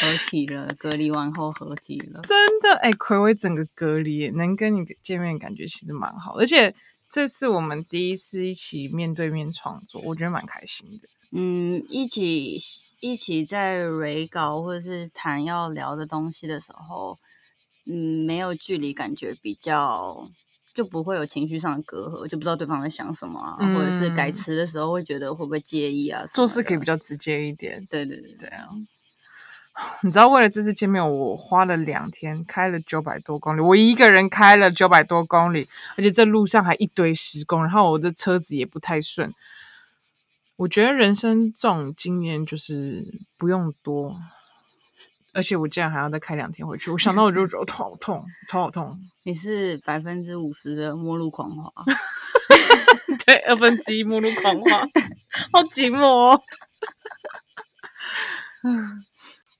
合體了，隔離完後合體了，真的哎、欸，葵薇整個隔離能跟你見面，感覺其實蠻好。而且這次我們第一次一起面對面創作，我覺得蠻開心的。嗯，一起一起在改稿或者是談要聊的東西的時候，嗯，沒有距離，感覺比較就不會有情緒上的隔閡，就不知道對方在想什麼啊，嗯、或者是改詞的時候會覺得會不會介意啊，做事可以比較直接一點。對對對對啊。你知道為了這次見面，我花了兩天，開了九百多公里，我一個人開了九百多公里，而且這路上還一堆施工，然後我的車子也不太順。我覺得人生這種經驗就是不用多，而且我竟然還要再開兩天回去，我想到我就覺得頭好痛，頭好痛。你是百分之五十的末路狂花， 對，二分之一末路狂花，好寂寞哦。嗯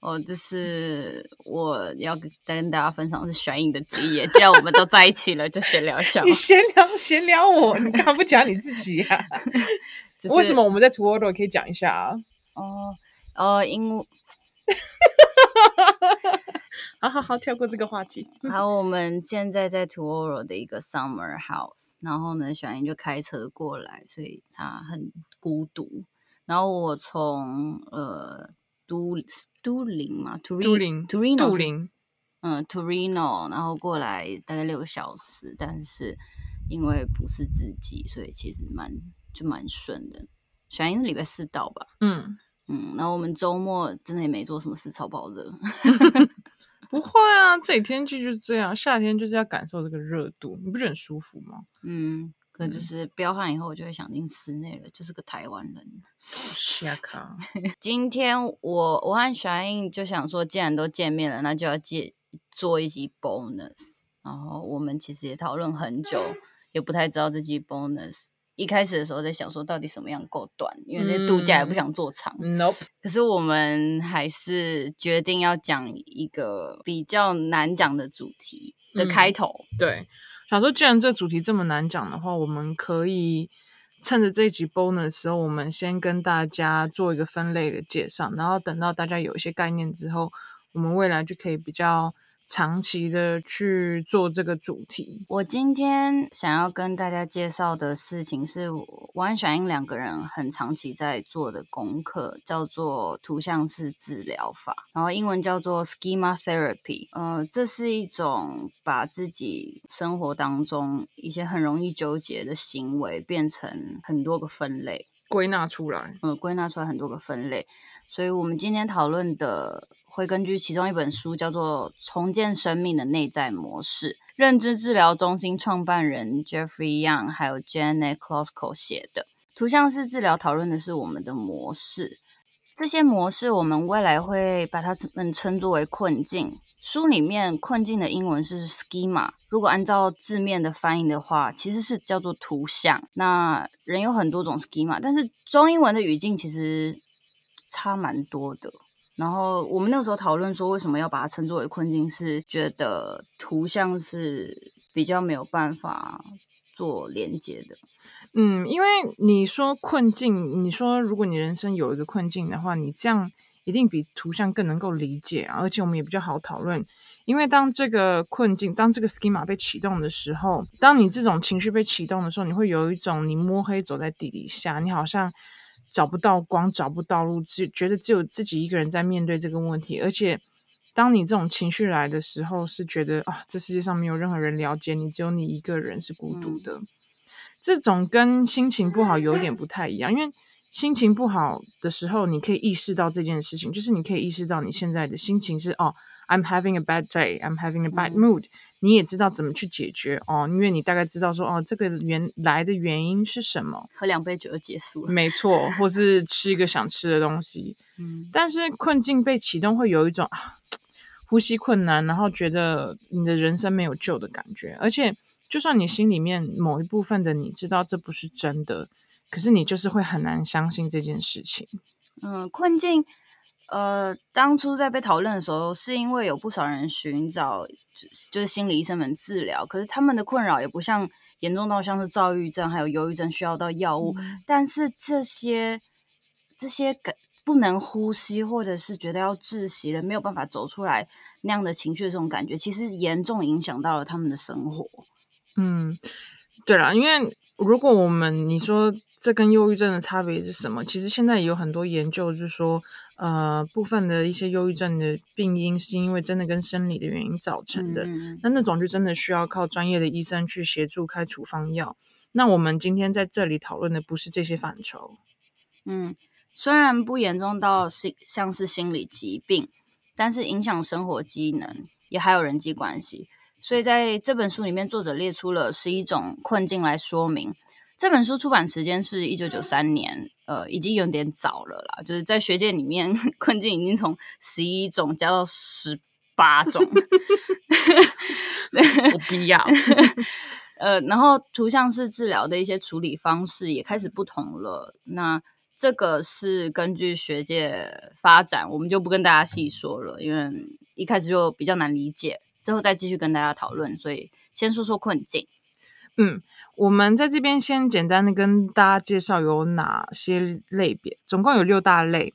哦，就是我要再跟大家分享是小穎的職業。既然我們都在一起了， 就閒聊一下。你閒聊閒聊我，你幹嘛不講你自己，啊 就是、為什麼我們在 Tuoro 可以講一下啊？哦哦、uh, uh,，因為 好好好，跳過這個話題。好，我們現在在 Tuoro 的一個 Summer House，然後呢，小英就開車過來，所以她很孤獨。然後我從呃。都都靈嘛，都都靈，都靈，嗯，都靈，然後過來大概六個小時，但是因為不是自己，所以其實蠻就蠻順的。小英禮拜四到吧，嗯嗯，那、嗯、我們周末真的也沒做什麼事，超爆熱。 不會啊，這裡天氣就是這樣，夏天就是要感受這個熱度，你不是很舒服嗎？嗯。可就是彪悍以後，我就會想進室內了。嗯、就是個台灣人，瞎咖。今天我我和小英就想說，既然都見面了，那就要借做一集 bonus。然後我們其實也討論很久，嗯、也不太知道這集 bonus。一開始的時候在想說，到底什麼樣夠短？因為那度假也不想做長。Nope、嗯。可是我們還是決定要講一個比較難講的主題的開頭。嗯、對，想說既然這主題這麼難講的話，我們可以趁着這一集 bonus 的時候，我們先跟大家做一個分類的介紹，然後等到大家有一些概念之後，我們未來就可以比較。長期的去做這個主題。我今天想要跟大家介紹的事情是，王選英兩個人很長期在做的功課，叫做圖像式治療法，然後英文叫做 Schema Therapy。呃，這是一種把自己生活當中一些很容易糾結的行為，變成很多個分類，歸納出來，呃、嗯，歸納出來很多個分類。所以我們今天討論的會根據其中一本書，叫做《從》。生命的內在模式，認知治療中心創辦人 Jeffrey Young 還有 Janet Klosko 寫的圖像式治療討論的是我們的模式，這些模式我們未來會把它們稱作為困境。書裡面困境的英文是 schema，如果按照字面的翻譯的話，其實是叫做圖像。那人有很多種 schema，但是中英文的語境其實差蠻多的。然後我們那個時候討論說，為什麼要把它稱作為困境？是覺得圖像是比較沒有辦法做連接的，嗯，因為你說困境，你說如果你人生有一個困境的話，你這樣一定比圖像更能夠理解啊，而且我們也比較好討論。因為當這個困境，當這個 schema 被啟動的時候，當你這種情緒被啟動的時候，你會有一種你摸黑走在地底下，你好像。找不到光，找不到路，只覺得只有自己一個人在面對這個問題。而且，當你這種情緒來的時候，是覺得啊，這世界上沒有任何人了解你，只有你一個人是孤獨的。這種跟心情不好有點不太一樣，因為。心情不好的時候，你可以意識到這件事情，就是你可以意識到你現在的心情是哦、oh，I'm having a bad day, I'm having a bad mood、嗯。你也知道怎麼去解決哦，oh, 因為你大概知道說哦，oh, 這個原來的原因是什麼，喝兩杯酒就結束了，沒錯，或是吃一個想吃的東西。嗯，但是困境被啟動會有一種、啊、呼吸困難，然後覺得你的人生沒有救的感覺，而且。就算你心裡面某一部分的你知道這不是真的，可是你就是會很難相信這件事情。嗯，困境，呃，當初在被討論的時候，是因為有不少人尋找就,就是心理醫生們治療，可是他們的困擾也不像嚴重到像是躁鬱症還有憂鬱症需要到藥物，嗯，但是這些。這些不能呼吸，或者是覺得要窒息的，沒有辦法走出來那樣的情緒，這種感覺其實嚴重影響到了他們的生活。嗯，對了，因為如果我們你說這跟憂鬱症的差別是什麼？其實現在也有很多研究就是說，呃，部分的一些憂鬱症的病因是因為真的跟生理的原因造成的。那、嗯嗯、那種就真的需要靠專業的醫生去協助開處方藥。那我們今天在這裡討論的不是這些範疇。嗯，雖然不嚴重到是像是心理疾病，但是影響生活機能，也還有人際關係。所以在這本書裡面，作者列出了十一種困境來說明。這本書出版時間是一九九三年，呃，已經有點早了啦。就是在學界裡面，困境已經從十一種加到十八種，沒有 必要。 呃，然後圖像式治療的一些處理方式也開始不同了。那這個是根據學界發展，我們就不跟大家細說了，因為一開始就比較難理解，之後再繼續跟大家討論。所以先說說困境。嗯，我們在這邊先簡單的跟大家介紹有哪些類別，總共有六大類。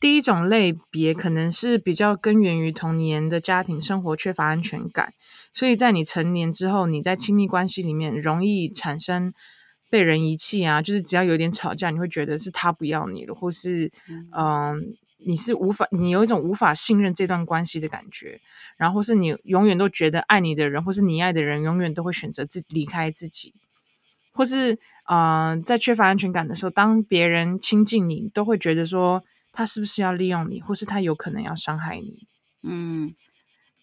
第一種類別可能是比較根源於童年的家庭生活缺乏安全感。所以在你成年之後，你在親密關係裡面容易產生被人遺棄啊，就是只要有點吵架，你會覺得是他不要你了，或是嗯、呃，你是無法你有一種無法信任這段關係的感覺，然後是你永遠都覺得愛你的人或是你愛的人永遠都會選擇自己離開自己，或是嗯、呃，在缺乏安全感的時候，當別人親近你，你都會覺得說他是不是要利用你，或是他有可能要傷害你。嗯，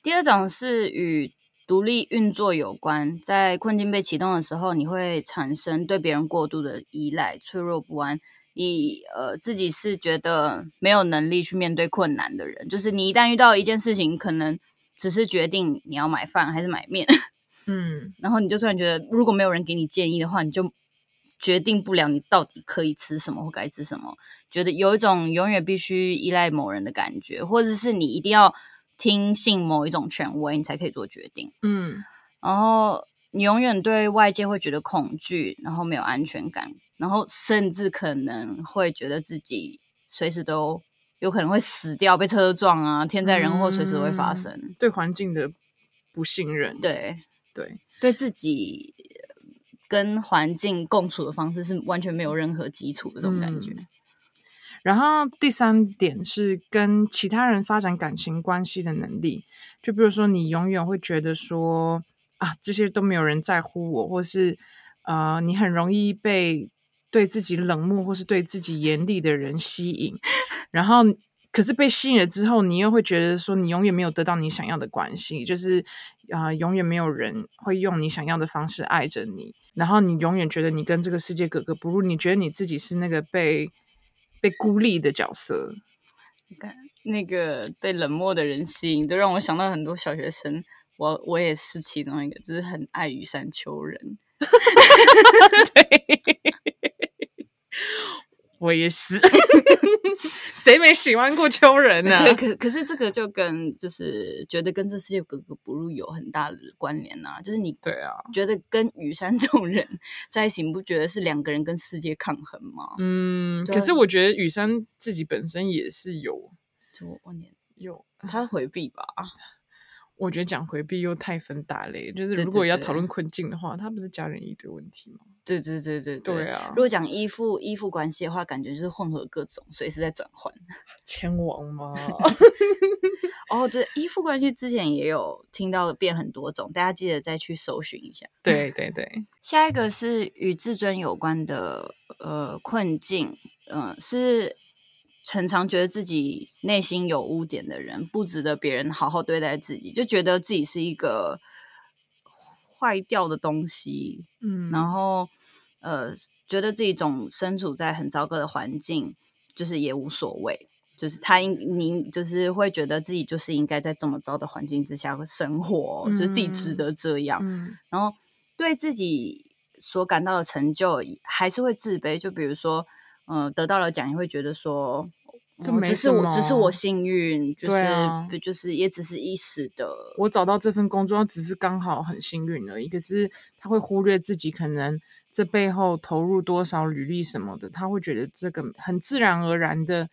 第二種是與。獨立運作有關，在困境被啟動的時候，你會產生對別人過度的依賴，脆弱不安，你呃自己是覺得沒有能力去面對困難的人，就是你一旦遇到一件事情，可能只是決定你要買飯還是買麵，嗯， 然後你就突然覺得，如果沒有人給你建議的話，你就決定不了你到底可以吃什麼或該吃什麼，覺得有一種永遠必須依賴某人的感覺，或者是你一定要。聽信某一種權威，你才可以做決定。嗯，然後你永遠對外界會覺得恐懼，然後沒有安全感，然後甚至可能會覺得自己隨時都有可能會死掉，被車撞啊，天災人禍隨時會發生。嗯，對環境的不信任，對對對自己跟環境共處的方式是完全沒有任何基礎的這種感覺。嗯。然後第三點是跟其他人發展感情關係的能力，就比如說你永遠會覺得說啊，這些都沒有人在乎我，或是呃，你很容易被對自己冷漠或是對自己嚴厲的人吸引，然後。可是被吸引了之後，你又會覺得說你永遠沒有得到你想要的關係，就是啊、呃，永遠沒有人會用你想要的方式愛着你，然後你永遠覺得你跟這個世界格格不入，你覺得你自己是那個被被孤立的角色，那個被冷漠的人吸引，都讓我想到很多小學生，我我也是其中一個，就是很愛雨山求人， 對。我也是，誰 沒喜歡過秋人呢？ 對可，可是這個就跟就是覺得跟這世界格格不入有很大的關聯啊，就是你對啊，覺得跟羽山這種人在一起，不覺得是兩個人跟世界抗衡嗎？嗯，對可是我覺得羽山自己本身也是有，就有， 他回避吧。我覺得講回避又太分大類，就是如果要討論困境的話，他不是家人一堆問題嗎？對對對對對,對啊！如果講依附依附關係的話，感覺就是混合各種，隨時在轉換。千王嗎？ 哦，對，依附關係之前也有聽到變很多種，大家記得再去搜尋一下。對對對，下一個是與自尊有關的呃困境，嗯、呃、是。常常覺得自己內心有污點的人，不值得別人好好對待自己，就覺得自己是一個壞掉的東西，嗯，然後呃，覺得自己總身處在很糟糕的環境，就是也無所謂，就是他應您，就是會覺得自己就是應該在這麼糟的環境之下生活，嗯、就是自己值得這樣，嗯、然後對自己所感到的成就還是會自卑，就比如說。嗯，得到了獎也會覺得說，嗯、這沒只是我，只是我幸運，就是對、啊、就是也只是一時的。我找到這份工作，只是剛好很幸運而已。可是他會忽略自己可能這背後投入多少履歷什麼的，他會覺得這個很自然而然的，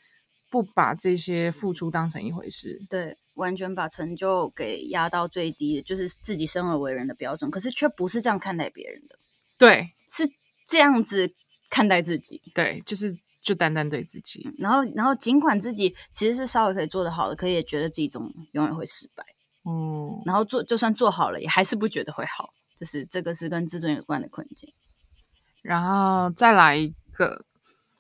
不把這些付出當成一回事。對，完全把成就給壓到最低，就是自己生而為人的標準，可是卻不是這樣看待別人的。對，是這樣子。看待自己，對，就是就單單對自己，然後然後儘管自己其實是稍微可以做得好的，可以也覺得自己總永遠會失敗，嗯，然後做就算做好了也還是不覺得會好，就是這個是跟自尊有關的困境，然後再來一個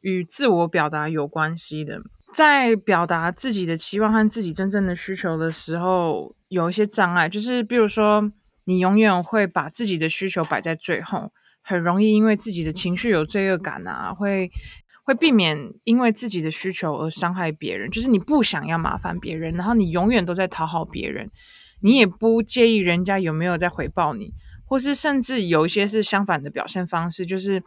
與自我表達有關係的，在表達自己的期望和自己真正的需求的時候有一些障礙，就是比如說你永遠會把自己的需求擺在最後。很容易因為自己的情緒有罪惡感啊，會會避免因為自己的需求而傷害別人。就是你不想要麻煩別人，然後你永遠都在討好別人，你也不介意人家有沒有在回報你，或是甚至有一些是相反的表現方式，就是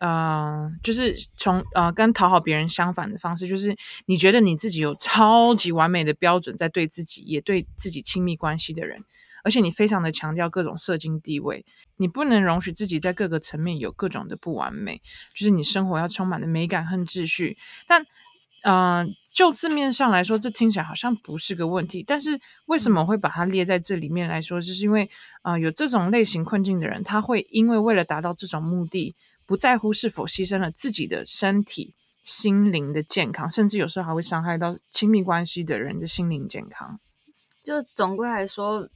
呃，就是從呃跟討好別人相反的方式，就是你覺得你自己有超級完美的標準在對自己，也對自己親密關係的人。而且你非常的強調各種色精地位，你不能容許自己在各個層面有各種的不完美，就是你生活要充滿的美感和秩序。但，嗯、呃，就字面上來說，這聽起來好像不是個問題。但是為什麼會把它列在這裡面來說？就是因為啊、呃，有這種類型困境的人，他會因為為了達到這種目的，不在乎是否犧牲了自己的身體、心靈的健康，甚至有時候還會傷害到親密關係的人的心靈健康。就總歸來說，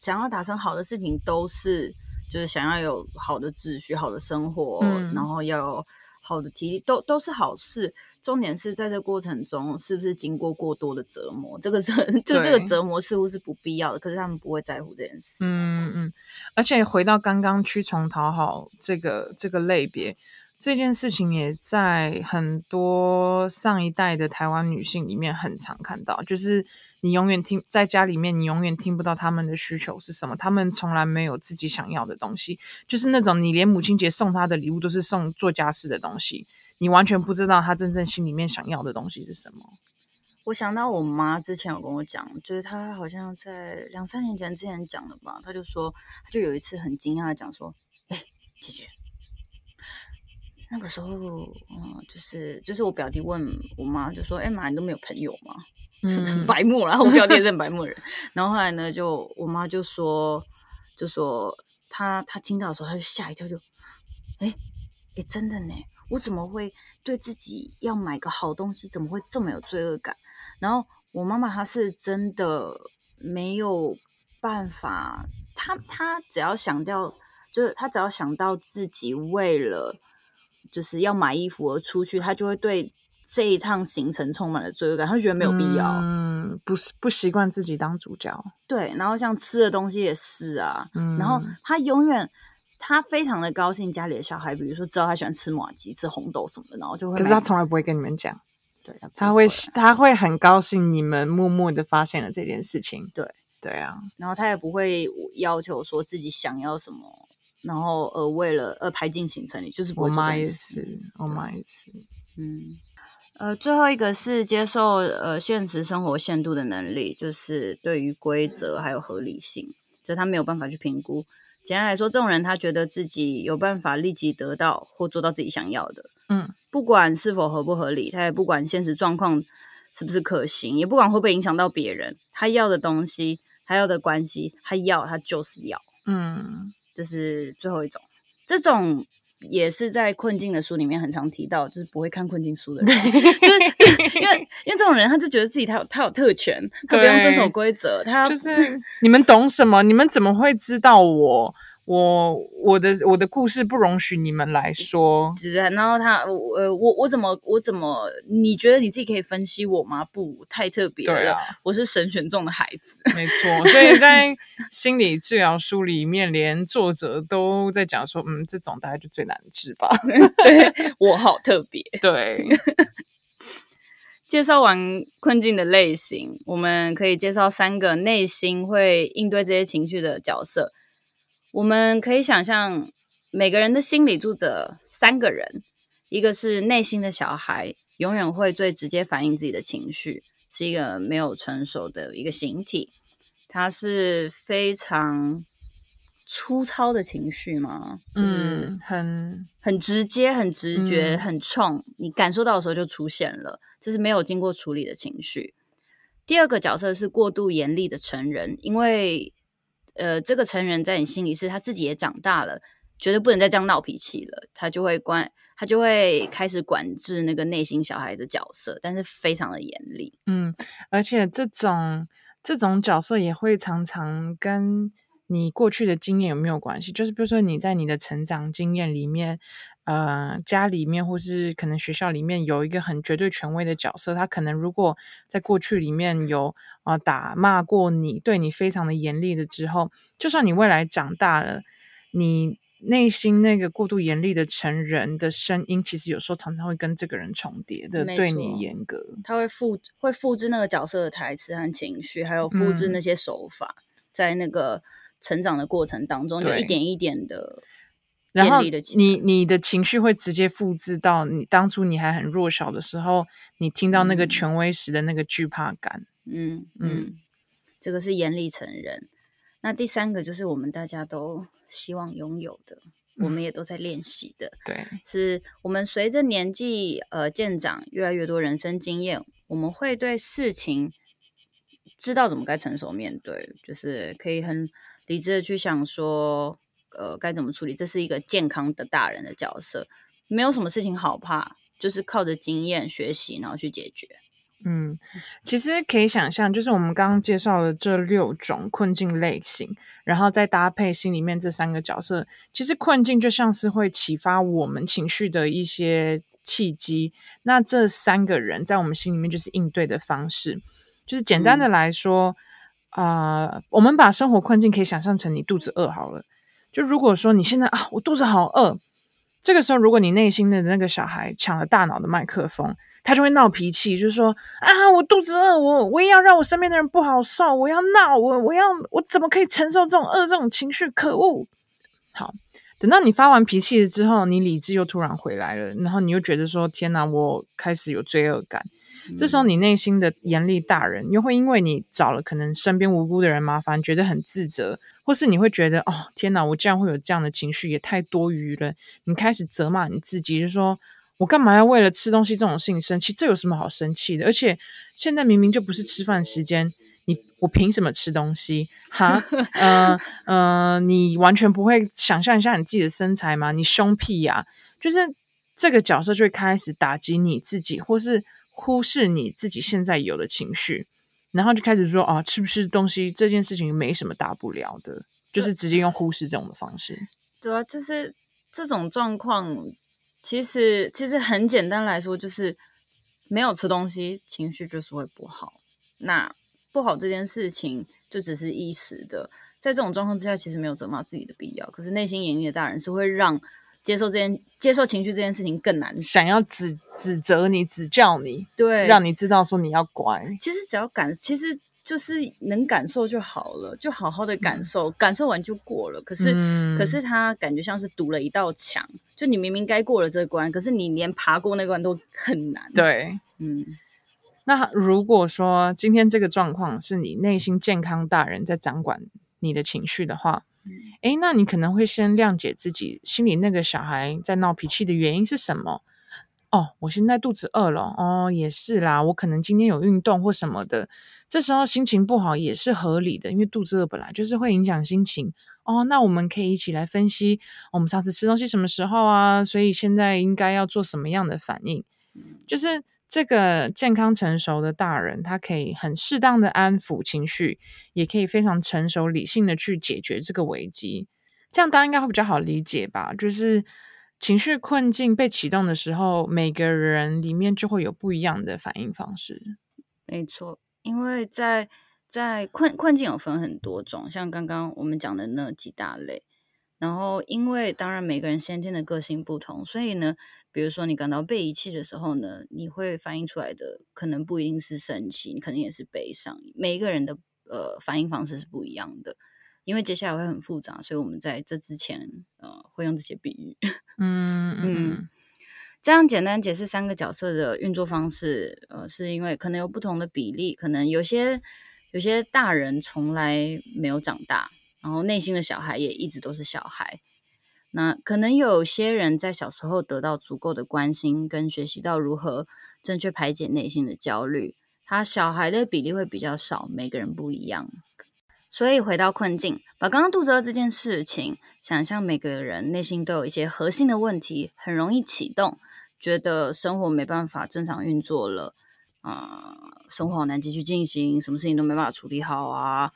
想要達成好的事情，都是就是想要有好的秩序、好的生活，嗯、然後要有好的體力，都都是好事。重點是在這過程中，是不是經過過多的折磨？這個折就這個折磨似乎是不必要的，對可是他們不會在乎這件事。嗯嗯，而且回到剛剛屈從討好這個這個類別。這件事情也在很多上一代的台灣女性裡面很常看到，就是你永遠聽在家裡面，你永遠聽不到他們的需求是什麼，他們從來沒有自己想要的東西，就是那種你連母親節送她的禮物都是送做家事的東西，你完全不知道她真正心裡面想要的東西是什麼。我想到我媽之前有跟我講，就是她好像在兩三年前之前講的吧，她就說就有一次很驚訝的講說，哎、欸，姐姐。那個時候，嗯，就是就是我表弟問我媽，就說：“哎、欸、媽，你都沒有朋友嗎？”嗯，白目啦，然後我表弟是白目的人。 然後後來呢，就我媽就說，就說她她聽到的時候，她就嚇一跳，就，哎、欸、也、欸、真的呢？我怎麼會對自己要買個好東西，怎麼會這麼有罪惡感？然後我媽媽她是真的沒有辦法，她她只要想到，就是她只要想到自己為了。就是要買衣服而出去，他就會對這一趟行程充滿了罪惡感。他就覺得沒有必要，嗯，不是不習慣自己當主角。對，然後像吃的東西也是啊，嗯，然後他永遠他非常的高興，家裡的小孩，比如說知道他喜歡吃麻糬、吃紅豆什麼的，然後就會，可是他從來不會跟你們講，對，他會他會,他會很高興你們默默的發現了這件事情，對對啊，然後他也不會要求說自己想要什麼。然後，呃，為了呃排進行程裡，你就是不你我媽也是，我媽也是，嗯，呃，最後一個是接受呃現實生活限度的能力，就是對於規則還有合理性，所以他沒有辦法去評估。簡單來說，這種人他覺得自己有辦法立即得到或做到自己想要的，嗯，不管是否合不合理，他也不管現實狀況是不是可行，也不管會不會影響到別人，他要的東西。他要的關係，他要他就是要，嗯，這是最後一種。這種也是在困境的書裡面很常提到，就是不會看困境書的人，對 就是因為 因為這種人他就覺得自己他有他有特權，他不用遵守規則，對 他就是你們懂什麼？ 你們怎麼會知道我？我我的我的故事不容許你們來說，是然後他我我我怎麼我怎麼你覺得你自己可以分析我嗎？不太特別，對啊，我是神選中的孩子，沒錯。所以在心理治療書裡面，連作者都在講說， 嗯，這種大概就最難治吧 對。我好特別，對。 介紹完困境的類型，我們可以介紹三個內心會應對這些情緒的角色。我們可以想象，每個人的心裡住着三個人，一個是內心的小孩，永遠會最直接反映自己的情緒，是一個沒有成熟的一個形體，它是非常粗糙的情緒嗎？嗯，很很直接，很直覺，嗯、很衝，你感受到的時候就出現了，這是沒有經過處理的情緒。第二個角色是過度嚴厲的成人，因為，呃，這個成員在你心裡是他自己也長大了，覺得不能再這樣鬧脾氣了，他就會管，他就會開始管制那個內心小孩的角色，但是非常的嚴厲。嗯，而且這種這種角色也會常常跟你過去的經驗有沒有關係？就是比如說你在你的成長經驗裡面，呃，家裡面或是可能學校裡面有一個很絕對權威的角色，他可能如果在過去裡面有啊、呃、打罵過你，對你非常的嚴厲的之後，就算你未來長大了，你內心那個過度嚴厲的成人的聲音，其實有時候常常會跟這個人重疊的沒錯。對你嚴格，他會複會複製那個角色的台詞和情緒，還有複製那些手法，嗯、在那個成長的過程當中，對。就一點一點的。然後你的你，你的情緒會直接複製到你當初你還很弱小的時候，你聽到那個權威時的那個懼怕感。嗯嗯，嗯，這個是嚴厲成人。那第三個就是我們大家都希望擁有的，嗯、我們也都在練習的。對，是我們隨着年紀呃，漸長，越來越多人生經驗，我們會對事情知道怎麼該成熟面對，就是可以很理智的去想說。呃，該怎麼處理？這是一個健康的大人的角色，沒有什麼事情好怕，就是靠着經驗學習，然後去解決。嗯，其實可以想象，就是我們剛剛介紹的這六種困境類型，然後再搭配心裡面這三個角色，其實困境就像是會啟發我們情緒的一些契機，那這三個人在我們心裡面就是應對的方式。就是簡單的來說，啊、嗯呃，我們把生活困境可以想象成你肚子餓好了。就如果說你現在啊，我肚子好餓，這個時候如果你內心的那個小孩搶了大腦的麥克風，他就會鬧脾氣，就說啊，我肚子餓，我我也要讓我身邊的人不好受，我要鬧，我我要我怎麼可以承受這種餓這種情緒？可惡！好，等到你發完脾氣了之後，你理智又突然回來了，然後你又覺得說，天哪，我開始有罪惡感。這時候，你內心的嚴厲大人又會因為你找了可能身邊無辜的人麻煩，覺得很自責，或是你會覺得哦，天哪，我這樣會有這樣的情緒也太多餘了。你開始責罵你自己，就是、說我幹嘛要為了吃東西這種事情生氣？這有什麼好生氣的？而且現在明明就不是吃飯時間，你我憑什麼吃東西？哈，嗯、呃、嗯、 呃，你完全不會想象一下你自己的身材嗎？你兇屁呀！就是這個角色就會開始打擊你自己，或是。忽視你自己現在有的情緒，然後就開始說啊，吃不吃東西這件事情沒什麼大不了的。對就是直接用忽視這種的方式。對啊，就是這種狀況，其實其實很簡單來說，就是沒有吃東西，情緒就是會不好。那。做好這件事情就只是一時的，在這種狀況之下，其實沒有責罵自己的必要。可是內心嚴厲的大人是會讓接受這件、接受情緒這件事情更難，想要指指責你、指教你，對，讓你知道說你要乖。其實只要感，其實就是能感受就好了，就好好的感受，嗯、感受完就過了。可是，嗯、可是他感覺像是堵了一道牆，就你明明該過了這關，可是你連爬過那關都很難。對，嗯。那如果說今天這個狀況是你內心健康大人在掌管你的情緒的話，誒，那你可能會先諒解自己心裡那個小孩在鬧脾氣的原因是什麼？哦，我現在肚子餓了。哦，也是啦，我可能今天有運動或什麼的，這時候心情不好也是合理的，因為肚子餓本來就是會影響心情。哦，那我們可以一起來分析，我們上次吃東西什麼時候啊？所以現在應該要做什麼樣的反應？就是。這個健康成熟的大人，他可以很適當的安撫情緒，也可以非常成熟理性的去解決這個危機。這樣大家應該會比較好理解吧？就是情緒困境被啟動的時候，每個人裡面就會有不一樣的反應方式。沒錯，因為在在困困境有分很多種，像剛剛我們講的那幾大類，然後因為當然每個人先天的個性不同，所以呢。比如說，你感到被遺棄的時候呢，你會反映出來的可能不一定是生氣，可能也是悲傷。每一個人的呃反應方式是不一樣的，因為接下來會很複雜，所以我們在這之前呃會用這些比喻。嗯嗯， 嗯這樣簡單解釋三個角色的運作方式，呃，是因為可能有不同的比例，可能有些有些大人從來沒有長大，然後內心的小孩也一直都是小孩。那可能有些人在小時候得到足夠的關心，跟學習到如何正確排解內心的焦慮，他小孩的比例會比較少，每個人不一樣。所以回到困境，把剛剛肚子餓這件事情，想象每個人內心都有一些核心的問題，很容易啟動，覺得生活沒辦法正常運作了。啊、呃，生活很難繼續進行，什麼事情都沒辦法處理好啊！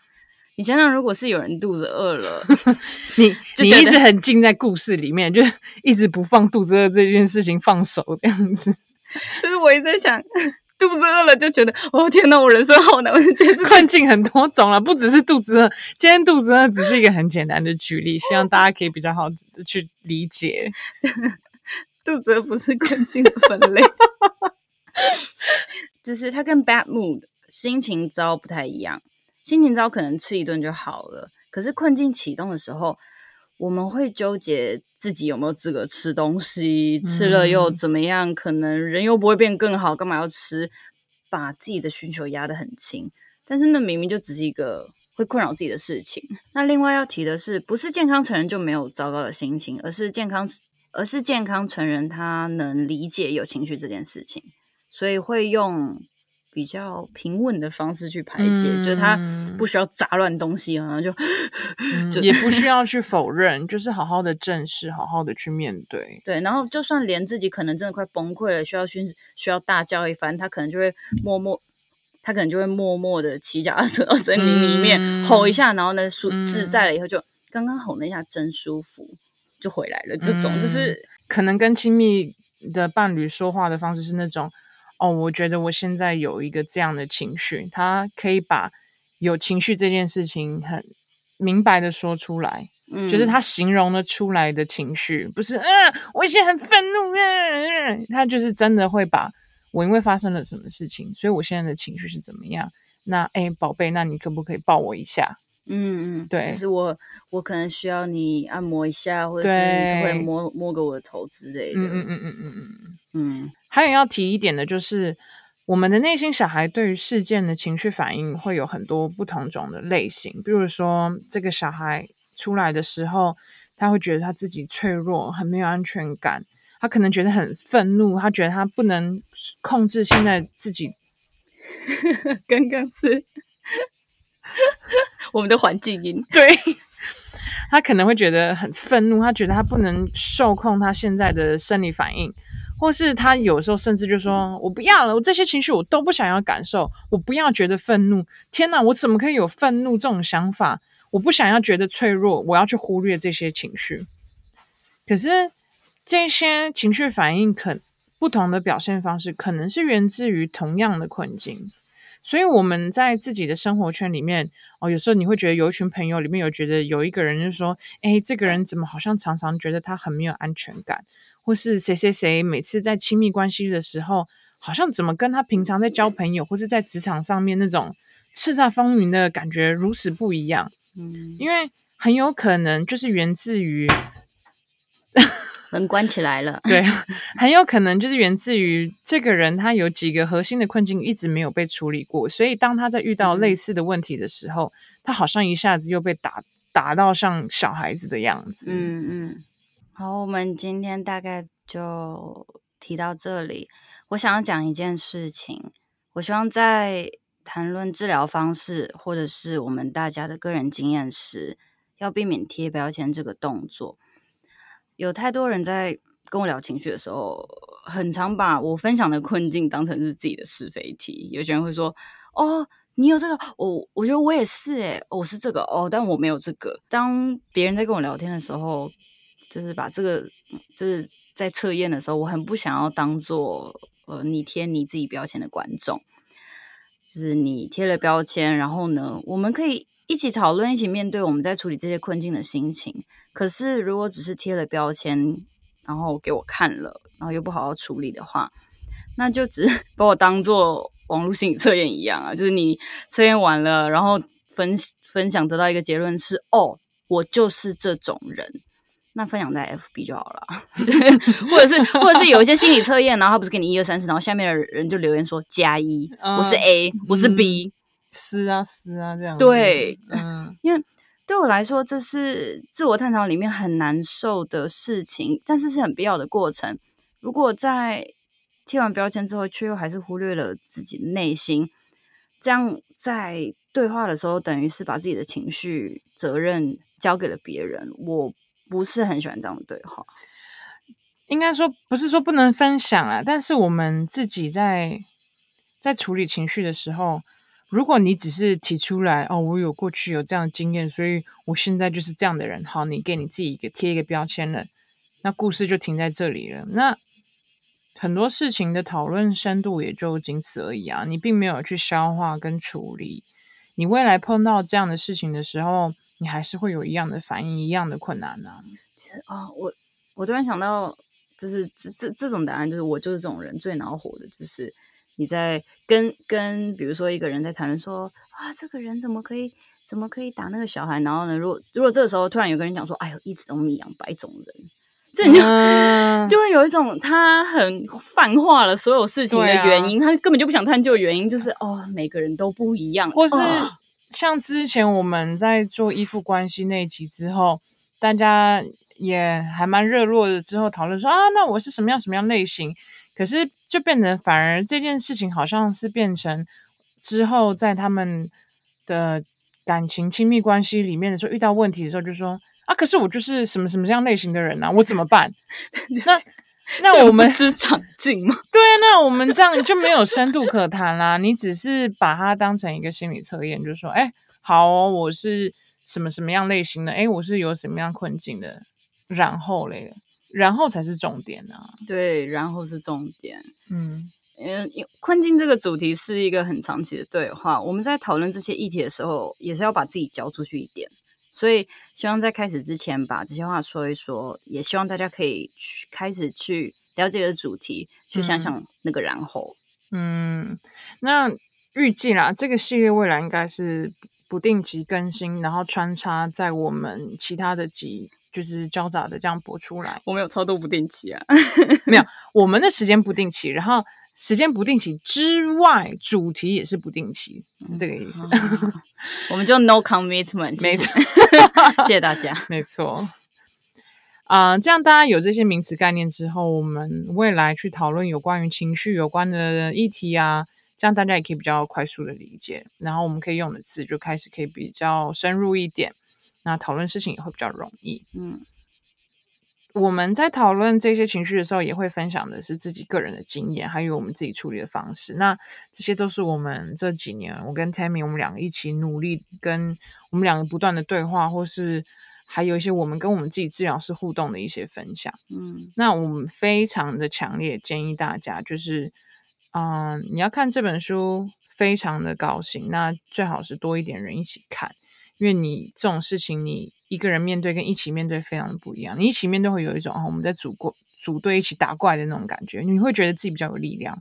你想想，如果是有人肚子餓了， 你就你一直很近在故事裡面，就一直不放肚子餓這件事情放手這樣子。就是我一直在想，肚子餓了就覺得，哦天哪，我人生好難。我覺得困境很多種了，不只是肚子餓。今天肚子餓只是一個很簡單的舉例，希望大家可以比較好去理解。 肚子餓不是困境的分類。 就是它跟 bad mood 心情糟不太一樣。心情糟可能吃一頓就好了，可是困境啟動的時候，我們會糾結自己有沒有資格吃東西，吃了又怎麼樣？可能人又不會變更好，幹嘛要吃？把自己的需求壓得很輕。但是那明明就只是一個會困擾自己的事情。那另外要提的是，不是健康成人就沒有糟糕的心情，而是健康，而是健康成人他能理解有情緒這件事情。所以會用比較平穩的方式去排解，嗯、就是他不需要砸亂東西，好像就、嗯、就也不需要去否認， 就是好好的正視，好好的去面對。對，然後就算連自己可能真的快崩潰了，需要去需要大叫一番，他可能就會默默，他可能就會默默的起腳，走到森林裡面、嗯、吼一下，然後呢，舒自在了以後就，就剛剛吼了一下，真舒服，就回來了。嗯、這種就是可能跟親密的伴侶說話的方式是那種。哦，oh, 我覺得我現在有一個這樣的情緒，他可以把有情緒這件事情很明白的說出來，嗯、就是他形容的出來的情緒，不是嗯、啊，我現在很憤怒，嗯、啊、嗯、啊，他就是真的會把我因為發生了什麼事情，所以我現在的情緒是怎麼樣？那哎，寶貝，那你可不可以抱我一下？嗯嗯，對，其實我我可能需要你按摩一下，或者是會摸對摸個我的頭之類的。嗯嗯嗯嗯嗯嗯。嗯，還有要提一點的就是，我們的內心小孩對於事件的情緒反應會有很多不同種的類型。比如說，這個小孩出來的時候，他會覺得他自己脆弱，很沒有安全感。他可能覺得很憤怒，他覺得他不能控制現在自己。 剛剛是。 我們的環境音， 對，他可能會覺得很憤怒，他覺得他不能受控他現在的生理反應，或是他有時候甚至就說：“我不要了，我這些情緒我都不想要感受，我不要覺得憤怒，天哪，我怎麼可以有憤怒這種想法？我不想要覺得脆弱，我要去忽略這些情緒。可是這些情緒反應可，可不同的表現方式，可能是源自於同樣的困境。”所以我們在自己的生活圈裡面哦，有時候你會覺得有一群朋友，裡面有覺得有一個人就說：“哎，這個人怎麼好像常常覺得他很沒有安全感，或是誰誰誰每次在親密關係的時候，好像怎麼跟他平常在交朋友或是在職場上面那種叱咤風雲的感覺如此不一樣？”嗯，因為很有可能就是源自於。 門關起來了，對，很有可能就是源自於這個人，他有幾個核心的困境一直沒有被處理過，所以當他在遇到類似的問題的時候，嗯、他好像一下子又被打打到像小孩子的樣子。嗯嗯，好，我們今天大概就提到這裡。我想要講一件事情，我希望在談論治療方式或者是我們大家的個人經驗時，要避免貼標籤這個動作。有太多人在跟我聊情緒的時候，很常把我分享的困境當成是自己的是非題。有些人會說：“哦，你有這個，我我覺得我也是，哎、哦，我是這個，哦，但我沒有這個。”當別人在跟我聊天的時候，就是把這個就是在測驗的時候，我很不想要當做呃你貼你自己標籤的觀眾。就是你貼了標籤，然後呢，我們可以一起討論，一起面對我們在處理這些困境的心情。可是，如果只是貼了標籤，然後給我看了，然後又不好好處理的話，那就只把我當做網絡心理測驗一樣啊！就是你測驗完了，然後分分，分享得到一個結論是，哦，我就是這種人。那分享在 FB 就好了， 或者是或者是有一些心理測驗， 然後他不是給你一二三四，然後下面的人就留言說加一，1, 呃、我是 A，嗯、我是 B，是啊是啊這樣。對，嗯，因為對我來說，這是自我探討裡面很難受的事情，但是是很必要的過程。如果在貼完標籤之後，卻又還是忽略了自己的內心，這樣在對話的時候，等於是把自己的情緒責任交給了別人。我。不是很喜歡這種對話，應該說不是說不能分享啦、啊，但是我們自己在在處理情緒的時候，如果你只是提出來哦，我有過去有這樣的經驗，所以我現在就是這樣的人，好，你給你自己一個貼一個標籤了，那故事就停在這裡了，那很多事情的討論深度也就僅此而已啊，你並沒有去消化跟處理。你未來碰到這樣的事情的時候，你還是會有一樣的反應，一樣的困難呢？啊，其實哦、我我突然想到，就是這這這種答案，就是我就是這種人，最惱火的就是你在跟跟，比如說一個人在談論說，啊，這個人怎麼可以怎麼可以打那個小孩，然後呢，如果如果這個時候突然有個人講說，哎呦，一樣米養百種人。就你就、嗯、就會有一種他很泛化了所有事情的原因，啊、他根本就不想探究原因，就是哦每個人都不一樣，或是、哦、像之前我們在做依附關係那一集之後，大家也還蠻熱絡的，之後討論說啊，那我是什麼樣什麼樣類型，可是就變成反而這件事情好像是變成之後在他們的。感情親密關係裡面的時候遇到問題的時候，就說啊，可是我就是什麼什麼樣類型的人啊，我怎麼辦？ 那那我們是場景嗎？對啊，那我們這樣就沒有深度可談啦，啊。 你只是把它當成一個心理測驗，就說，哎，好哦，我是什麼什麼樣類型的？哎，我是有什麼樣困境的？然後嘞。然後才是重點啊！對，然後是重點。嗯嗯，因困境這個主題是一個很長期的對話。我們在討論這些議題的時候，也是要把自己交出去一點。所以希望在開始之前把這些話說一說，也希望大家可以去開始去了解這個主題，去想想那個然後嗯。嗯，那預計啦，這個系列未來應該是不定期更新，然後穿插在我們其他的集。就是交雜的這樣播出來，我們有超多不定期啊， 沒有，我們的時間不定期，然後時間不定期之外，主題也是不定期，是這個意思，我們就 no commitment，沒錯，吧 謝謝大家，沒錯，啊、呃，這樣大家有這些名詞概念之後，我們未來去討論有關於情緒有關的議題啊，這樣大家也可以比較快速的理解，然後我們可以用的字就開始可以比較深入一點。那討論事情也會比較容易。嗯，我們在討論這些情緒的時候，也會分享的是自己個人的經驗，還有我們自己處理的方式。那這些都是我們這幾年，我跟 Tammy 我們兩個一起努力，跟我們兩個不斷的對話，或是還有一些我們跟我們自己治療師互動的一些分享。嗯，那我們非常的強烈建議大家，就是，嗯、呃，你要看這本書，非常的高興，那最好是多一點人一起看。因為你這種事情，你一個人面對跟一起面對非常的不一樣。你一起面對會有一種、啊、我們在組過組隊一起打怪的那種感覺，你會覺得自己比較有力量。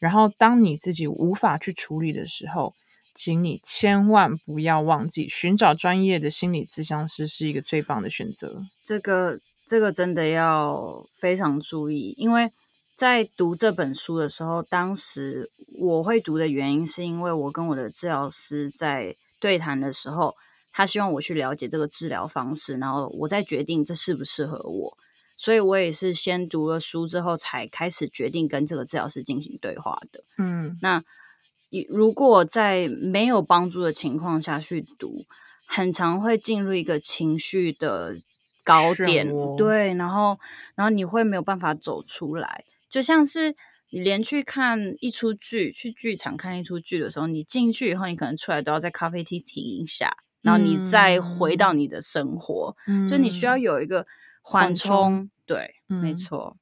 然後當你自己無法去處理的時候，請你千萬不要忘記，尋找專業的心理諮商師是一個最棒的選擇。這個這個真的要非常注意，因為。在讀這本書的時候，當時我會讀的原因是因為我跟我的治療師在對談的時候，他希望我去了解這個治療方式，然後我再決定這適不適合我，所以我也是先讀了書之後才開始決定跟這個治療師進行對話的。嗯，那如果在沒有幫助的情況下去讀，很常會進入一個情緒的高點，漩渦。對，然後然後你會沒有辦法走出來。就像是你連去看一出劇，去劇場看一出劇的時候，你進去以後，你可能出來都要在咖啡廳停一下，然後你再回到你的生活，嗯、就你需要有一個緩衝，緩衝，對，嗯、沒錯。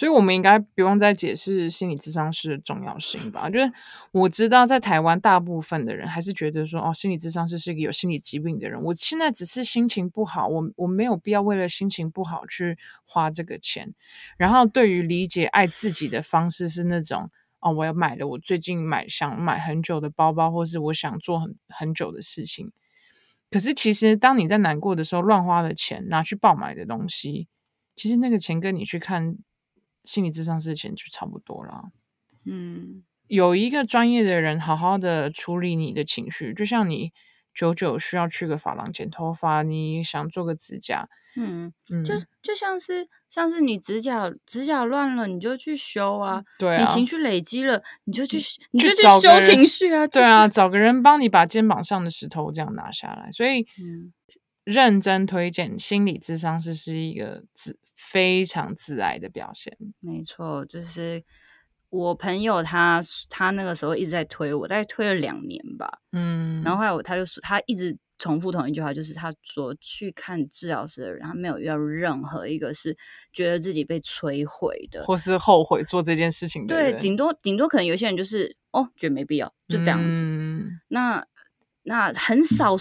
所以，我們應該不用再解釋心理諮商師的重要性吧？就是我知道，在台灣，大部分的人還是覺得說：“哦，心理諮商師是一個有心理疾病的人。”我現在只是心情不好，我我沒有必要為了心情不好去花這個錢。然後，對於理解愛自己的方式是那種：“哦，我要買了我最近買想買很久的包包，或是我想做很很久的事情。”可是，其實當你在難過的時候亂花的錢，拿去爆買的東西，其實那個錢跟你去看。心理諮商師的錢就差不多了，嗯，有一個專業的人好好的處理你的情緒，就像你久久需要去個髮廊剪頭髮，你想做個指甲，嗯嗯，嗯就就像是像是你指甲指甲亂了，你就去修啊，對啊，你情緒累積了，你就去你，你就去修情緒啊，就是、對啊，找個人幫你把肩膀上的石頭這樣拿下來，所以、嗯、認真推薦心理諮商師是一個字非常自愛的表現，沒錯，就是我朋友他他那個時候一直在推，我大概推了兩年吧，嗯，然後後來他就說他一直重複同一句話，就是他說去看治療師的人，他沒有遇到任何一個是覺得自己被摧毀的，或是後悔做這件事情，對，頂多頂多可能有些人就是哦，覺得沒必要，就這樣子。嗯，那那很少，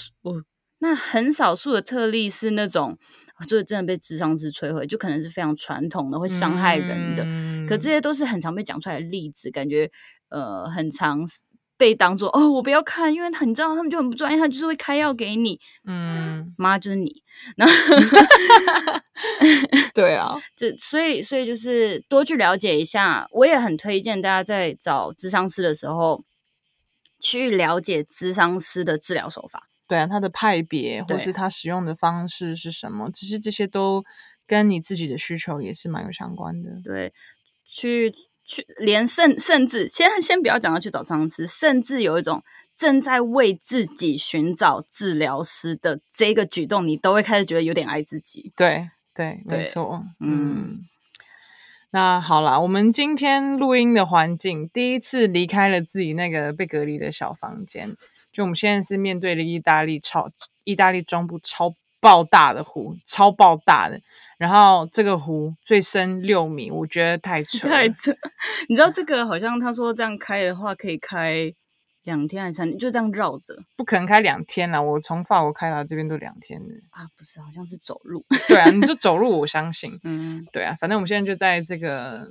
那很少數的特例是那種。就是真的被諮商師摧毀，就可能是非常傳統的，會傷害人的。嗯、可這些都是很常被講出來的例子，感覺呃，很常被當做哦，我不要看，因為他你知道他們就很不專業，他就是會開藥給你。嗯，媽就是你。然後 對啊，這所以所以就是多去了解一下，我也很推薦大家在找諮商師的時候，去了解諮商師的治療手法。對啊，他的派別或是他使用的方式是什麼？對其實這些都跟你自己的需求也是蠻有相關的。對，去去，連甚甚至先先不要講要去找上司，甚至有一種正在為自己尋找治療師的這個舉動，你都會開始覺得有點愛自己。對對，沒錯。對嗯，嗯，那好啦，我們今天錄音的環境，第一次離開了自己那個被隔離的小房間。就我們現在是面對了意大利、超意大利中部超爆大的湖，超爆大的。然後這個湖最深六米，我覺得太扯。太扯！你知道這個好像他說這樣開的話可以開兩天還是三天？就這樣繞着，不可能開兩天啦。我從法國開到這邊都兩天了。啊，不是，好像是走路。 對啊，你就走路，我相信。嗯。對啊，反正我們現在就在這個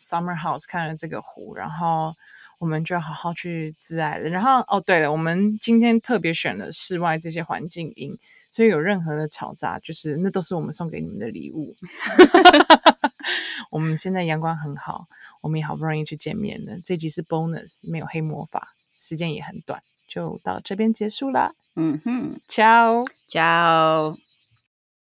Summer House 看了這個湖，然後。我們就要好好去自愛了。然後哦，對了，我們今天特別選了室外這些環境音，所以有任何的嘈雜，就是那都是我們送給你們的禮物。我們現在陽光很好，我們也好不容易去見面了。這集是 bonus，沒有黑魔法，時間也很短，就到這邊結束啦。嗯哼，ciao ciao。